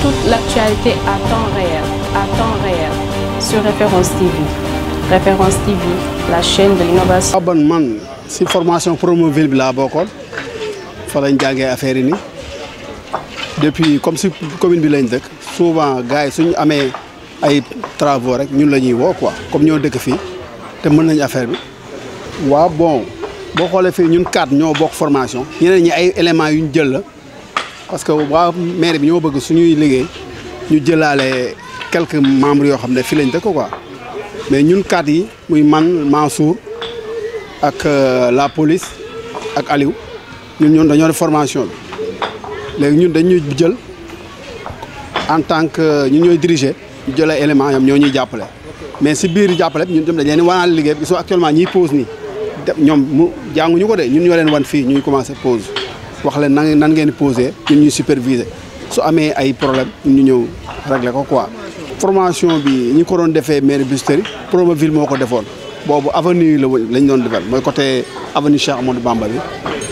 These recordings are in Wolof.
toute, l'actualité à temps réel, à temps réel, sur Référence TV. Référence TV, la chaîne de l'innovation. Abonnement, ah si formation promouvée bi laa bokkoon fa lañ affaire depuis comme si commune bi lañ souvent gars si suñu amee ay travaux rek ñun la quoi comme nous dëkk fii nous mën nañ affaire bi waaw bon boo xoolee une ñun nous ñoo bokk formation yeneen ñi ay éléments yu ñu jël parce que waa maire bi ñoo bëgg suñuy liggéey ñu jëlaale quelques membres yoo xam ne fii lañ dëkk quoi mais ñun kat yi muy man Mansour ak euh, la police ak Aliou ñun ñoon dañoo def formation bi léegi ñun dañuy jël en tant que ñun ñooy diriger ñu jëlee élément ñoom ñoo ñuy jàppale mais si biir jàppale ñun dem dañ leen wanaal liggéey bi gisoo actuellement ñiy pause nii ñoom mu jànguñu ko de ñun ñoo leen wan fii ñuy commencé pause wax leen nan ngeen posé ñun ñu superviser su amé ay problème ñu ñëw régler ko quoi. formation bi ñi ko doon défé mairie Biscuiterie Promoville moo ko defoon boobu avenue lañ doon défal moy côté avenue Cheikh Amadou Bamba bi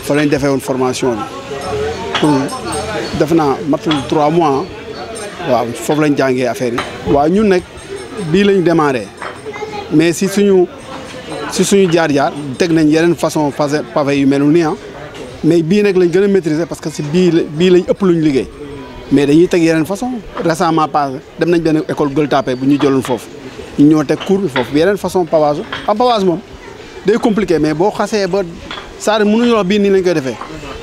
fa lañ défé woon formation bi pour def naa matul trois mois hein. wa fofu lañ jàngee affaire yi. waaw ñun nak bi lañ démarré mais si suñu si suñu jaar-jaar teg nañ yeneen façon pavé yu mel nii hein. mais bii nag lañ gën a maîtriser parce que si bii la bii lañ ëpp luñ liggéey mais dañuy teg yeneen façon récemment passé dem nañ benn école Gueule Tapée bu ñu jëloon foofu ñu ñoo teg cours bi foofu yeneen façon pavage am ah, pavage moom day compliqué mais boo xasee ba saari mënuñu wax bii nii lañ koy defee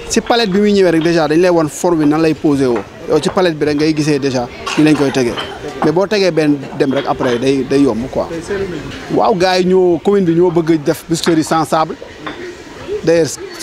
si palette bi muy ñëwee rek déjà dañ lay wan forme bi nan lay posé woo yow ci palette bi rek ngay gisee déjà ni lañ koy tegee mais boo tegee benn dem rek après day day quoi waaw gars yi ñoo commune bi ñoo bëgg def biscuiterie sans sable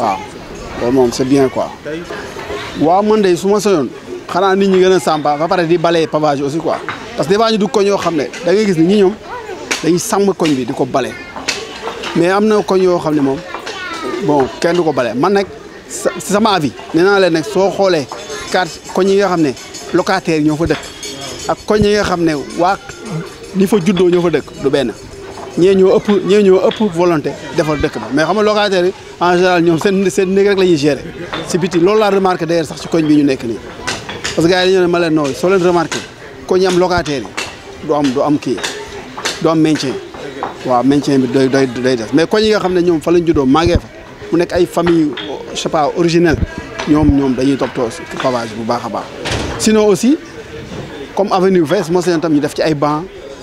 waaw moom c'est bien quoi. waaw man de su ma soñoon xanaa nit ñi gën a sàmpa ba pare di balee pavage aussi quoi parce que des fois ñu koñ yoo xam ne dangay gis ni ñi ñoom dañu sàmm koñ bi di ko bale mais am na koñ yoo xam ne moom bon kenn du ko bale man nag sama avis nee naa leen nag soo xoolee carte koñ yi nga xam ne locataires ñoo fa dëkk ak koñ yi nga xam ne waa ñi fa juddoo ñoo fa dëkk du benn. ñeñu ëpp ñee ëpp volonté defar dëkk bi mais xam nga locataires en général ñom sen sen néeg rek la ñuy gérer si biti loolu la remarqué d'ailleurs sax ci koñ bi ñu nekk ni parce que gars yi ñu ne ma leen nooy soo leen remarqué koñ am locataires yi du am du am ki do am maintien waaw maintien bi doy doy doy def mais koñ yi nga xam ne ñom fa lañ juddoo màggee fa mu nekk ay famille je sais pas originel ñom ñom dañuy ci pavage bu baax a baax sinon aussi comme avenue Ouest moo seen tam ñu def ci ay banc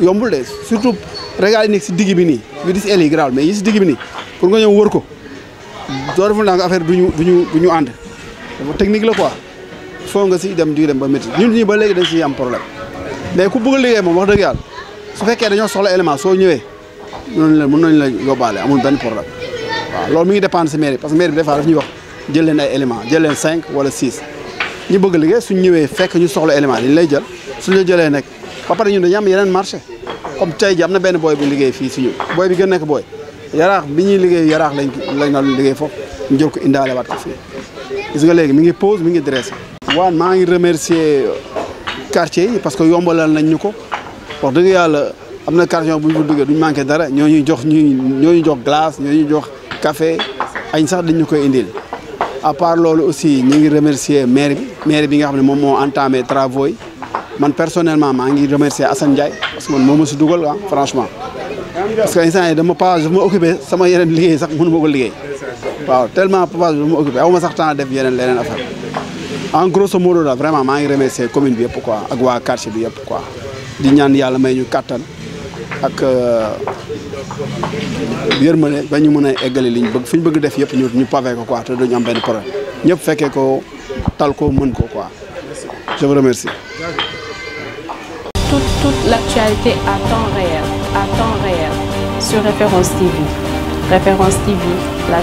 yombul de surtout régal yi nekk si digg bi nii yu dis el yi graal mais yi si digg bi pour nga ñëw wër ko soo deful naa nga affaire duñu duñu du ñu ànd dafa technique la quoi foo nga si dem di dem ba métti ñun ñi ba léegi dañ si am problème mais ku bëgg liggéey moom wax dëgg yàlla su fekkee dañoo soxla élément soo ñëwee noonu la mën nañ la yóbbaale amul benn problème waaw loolu mi ngi dépendre si mairie parce que mairie bi des fois daf ñuy wax jël leen ay élément cinq wala six ñu bëgg liggéey suñ ñëwee fekk ñu soxla élément dañ lay jël suñ la jëlee nekk ba pare ñun dañu yeneen marché comme tey ji am na benn booy bi liggéey fii si ñu booy bi gën nekk booy yaraax bi ñuy liggéey yaraax lañ lañ la liggéey foofu ñu jël ko indaale waat gis nga léegi mi ngi pause mi ngi dressé. waaw maa ngi remercier quartier parce que yombalal nañ ñu ko wax dëgg yàlla am na quartier bu ñu ko duggee duñ manqué dara ñoo ñuy jox ñuy ñoo ñuy jox glace ñoo ñuy jox café añ sax dañ ñu koy indil. à part loolu aussi ñu ngi remercier maire bi maire bi nga xam ne moom moo entamé travaux yi. man personnellement maa ngi remercier Assane Ndiaye parce que man moo ma si dugal ah franchement parce que instant yi dama papa dama occupé sama yeneen liggéey sax mënu ma ko liggéey waaw tellement papa dama occupé aw ma sax temps def yeneen leneen affaire en grosso modo daal vraiment maa ngi remercier commune bi yëpp quoi ak waa quartier bi yëpp quoi di ñaan yàlla may ñu kàttan ak euh, yërmande ba ñu mën a eggale li ñu bëgg fi bëgg def yëpp ñu ñu pavé ko quoi te duñu am benn problème ñëpp fekkee ko tal ko mën ko quoi je vous l'actualité à temps réel, à temps réel, sur Référence TV. Référence TV, la chaîne.